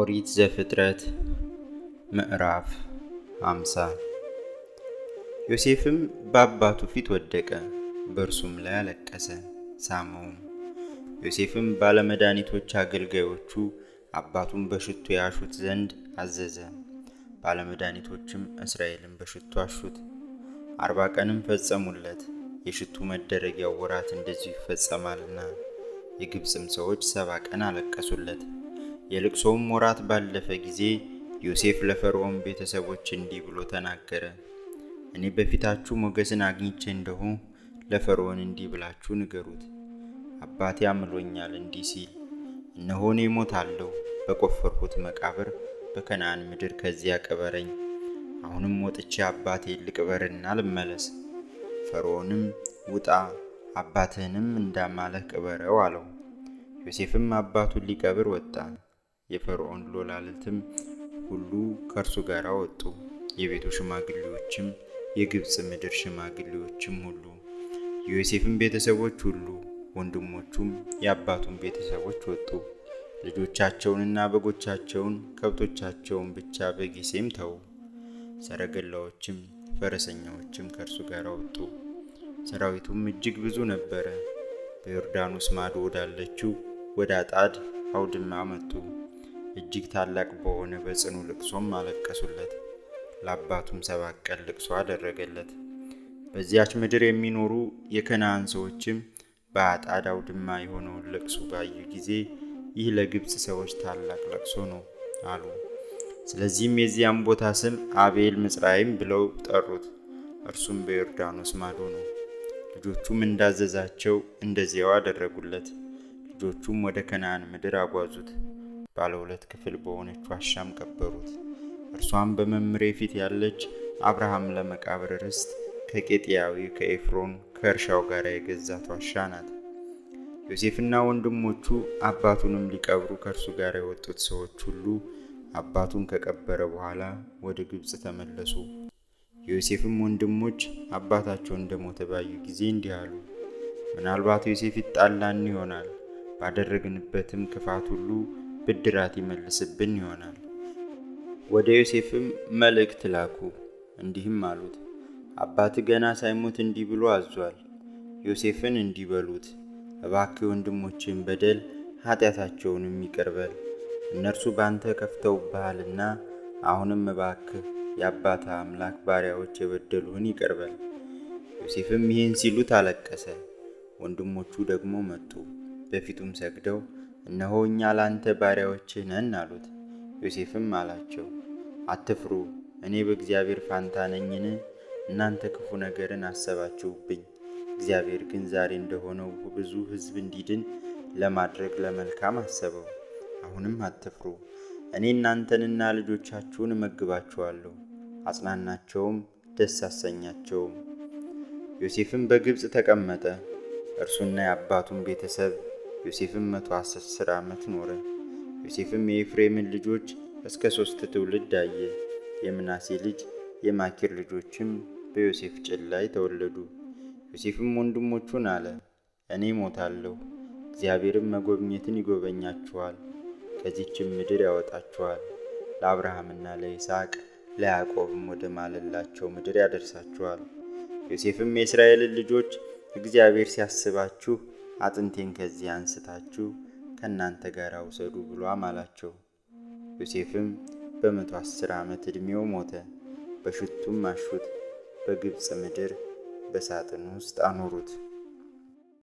ኦሪት ዘፍጥረት ምዕራፍ 50 ዮሴፍም በአባቱ ፊት ወደቀ፣ በእርሱም ላይ አለቀሰ፣ ሳመውም። ዮሴፍም ባለመድኃኒቶች አገልጋዮቹ አባቱን በሽቱ ያሹት ዘንድ አዘዘ። ባለመድኃኒቶችም እስራኤልን በሽቱ አሹት፣ አርባ ቀንም ፈጸሙለት። የሽቱ መደረጊያው ወራት እንደዚሁ ይፈጸማልና። የግብፅም ሰዎች ሰባ ቀን አለቀሱለት። የልቅሶውም ወራት ባለፈ ጊዜ ዮሴፍ ለፈርዖን ቤተሰቦች እንዲህ ብሎ ተናገረ። እኔ በፊታችሁ ሞገስን አግኝቼ እንደሆ ለፈርዖን እንዲህ ብላችሁ ንገሩት፣ አባቴ አምሎኛል እንዲህ ሲል፣ እነሆ እኔ እሞታለሁ፣ በቆፈርሁት መቃብር በከናን ምድር፣ ከዚያ ቅበረኝ። አሁንም ወጥቼ አባቴ ልቅበርና ልመለስ። ፈርዖንም ውጣ አባትህንም እንዳማለህ ቅበረው አለው። ዮሴፍም አባቱን ሊቀብር ወጣ። የፈርዖን ሎላልትም ሁሉ ከእርሱ ጋር ወጡ። የቤቱ ሽማግሌዎችም፣ የግብፅ ምድር ሽማግሌዎችም ሁሉ፣ የዮሴፍን ቤተሰቦች ሁሉ፣ ወንድሞቹም የአባቱን ቤተሰቦች ወጡ። ልጆቻቸውንና በጎቻቸውን ከብቶቻቸውን ብቻ በጊሴም ተዉ። ሰረገላዎችም ፈረሰኛዎችም ከእርሱ ጋር ወጡ። ሰራዊቱም እጅግ ብዙ ነበረ። በዮርዳኖስ ማዶ ወዳለችው ወደ አጣድ አውድማ መጡ። እጅግ ታላቅ በሆነ በጽኑ ልቅሶም አለቀሱለት። ለአባቱም ሰባት ቀን ልቅሶ አደረገለት። በዚያች ምድር የሚኖሩ የከነአን ሰዎችም በአጣዳው ድማ የሆነውን ልቅሱ ባዩ ጊዜ ይህ ለግብፅ ሰዎች ታላቅ ለቅሶ ነው አሉ። ስለዚህም የዚያም ቦታ ስም አቤል ምጽራይም ብለው ጠሩት። እርሱም በዮርዳኖስ ማዶ ነው። ልጆቹም እንዳዘዛቸው እንደዚያው አደረጉለት። ልጆቹም ወደ ከነአን ምድር አጓዙት። ባለ ሁለት ክፍል በሆነች ዋሻም ቀበሩት። እርሷም በመምሬ ፊት ያለች አብርሃም ለመቃብር ርስት ከቄጥያዊ ከኤፍሮን ከእርሻው ጋር የገዛት ዋሻ ናት። ዮሴፍና ወንድሞቹ አባቱንም ሊቀብሩ ከእርሱ ጋር የወጡት ሰዎች ሁሉ አባቱን ከቀበረ በኋላ ወደ ግብፅ ተመለሱ። የዮሴፍም ወንድሞች አባታቸው እንደሞተ ባዩ ጊዜ እንዲህ አሉ፣ ምናልባት ዮሴፍ ይጣላን ይሆናል፣ ባደረግንበትም ክፋት ሁሉ ብድራት ይመልስብን ይሆናል። ወደ ዮሴፍም መልእክት ላኩ፣ እንዲህም አሉት፣ አባት ገና ሳይሞት እንዲህ ብሎ አዟል። ዮሴፍን እንዲህ በሉት፣ እባክህ ወንድሞችን በደል ኃጢአታቸውንም ይቅር እነርሱ ባንተ ከፍተውብሃልና። አሁንም እባክህ የአባት አምላክ ባሪያዎች የበደሉህን ይቅር ዮሴፍም ይህን ሲሉት አለቀሰ። ወንድሞቹ ደግሞ መጡ፣ በፊቱም ሰግደው እነሆ እኛ ላንተ ባሪያዎችህ ነን አሉት። ዮሴፍም አላቸው አትፍሩ፣ እኔ በእግዚአብሔር ፋንታ ነኝን? እናንተ ክፉ ነገርን አሰባችሁብኝ፣ እግዚአብሔር ግን ዛሬ እንደሆነው ብዙ ሕዝብ እንዲድን ለማድረግ ለመልካም አሰበው። አሁንም አትፍሩ፣ እኔ እናንተንና ልጆቻችሁን እመግባችኋለሁ፣ አጽናናቸውም፣ ደስ አሰኛቸውም። ዮሴፍም በግብፅ ተቀመጠ፣ እርሱና የአባቱን ቤተሰብ ዮሴፍም መቶ አስር ዓመት ኖረ። ዮሴፍም የኤፍሬምን ልጆች እስከ ሦስት ትውልድ አየ። የምናሴ ልጅ የማኪር ልጆችም በዮሴፍ ጭን ላይ ተወለዱ። ዮሴፍም ወንድሞቹን አለ፣ እኔ ሞታለሁ፣ እግዚአብሔርም መጎብኘትን ይጎበኛችኋል፣ ከዚችም ምድር ያወጣችኋል፣ ለአብርሃምና ለይስቅ ለያዕቆብም ወደ ማለላቸው ምድር ያደርሳችኋል። ዮሴፍም የእስራኤልን ልጆች እግዚአብሔር ሲያስባችሁ አጥንቴን ከዚህ አንስታችሁ ከእናንተ ጋር አውሰዱ ብሎ አማላቸው። ዮሴፍም በመቶ አስር ዓመት ዕድሜው ሞተ። በሽቱም አሹት፣ በግብፅ ምድር በሳጥን ውስጥ አኖሩት።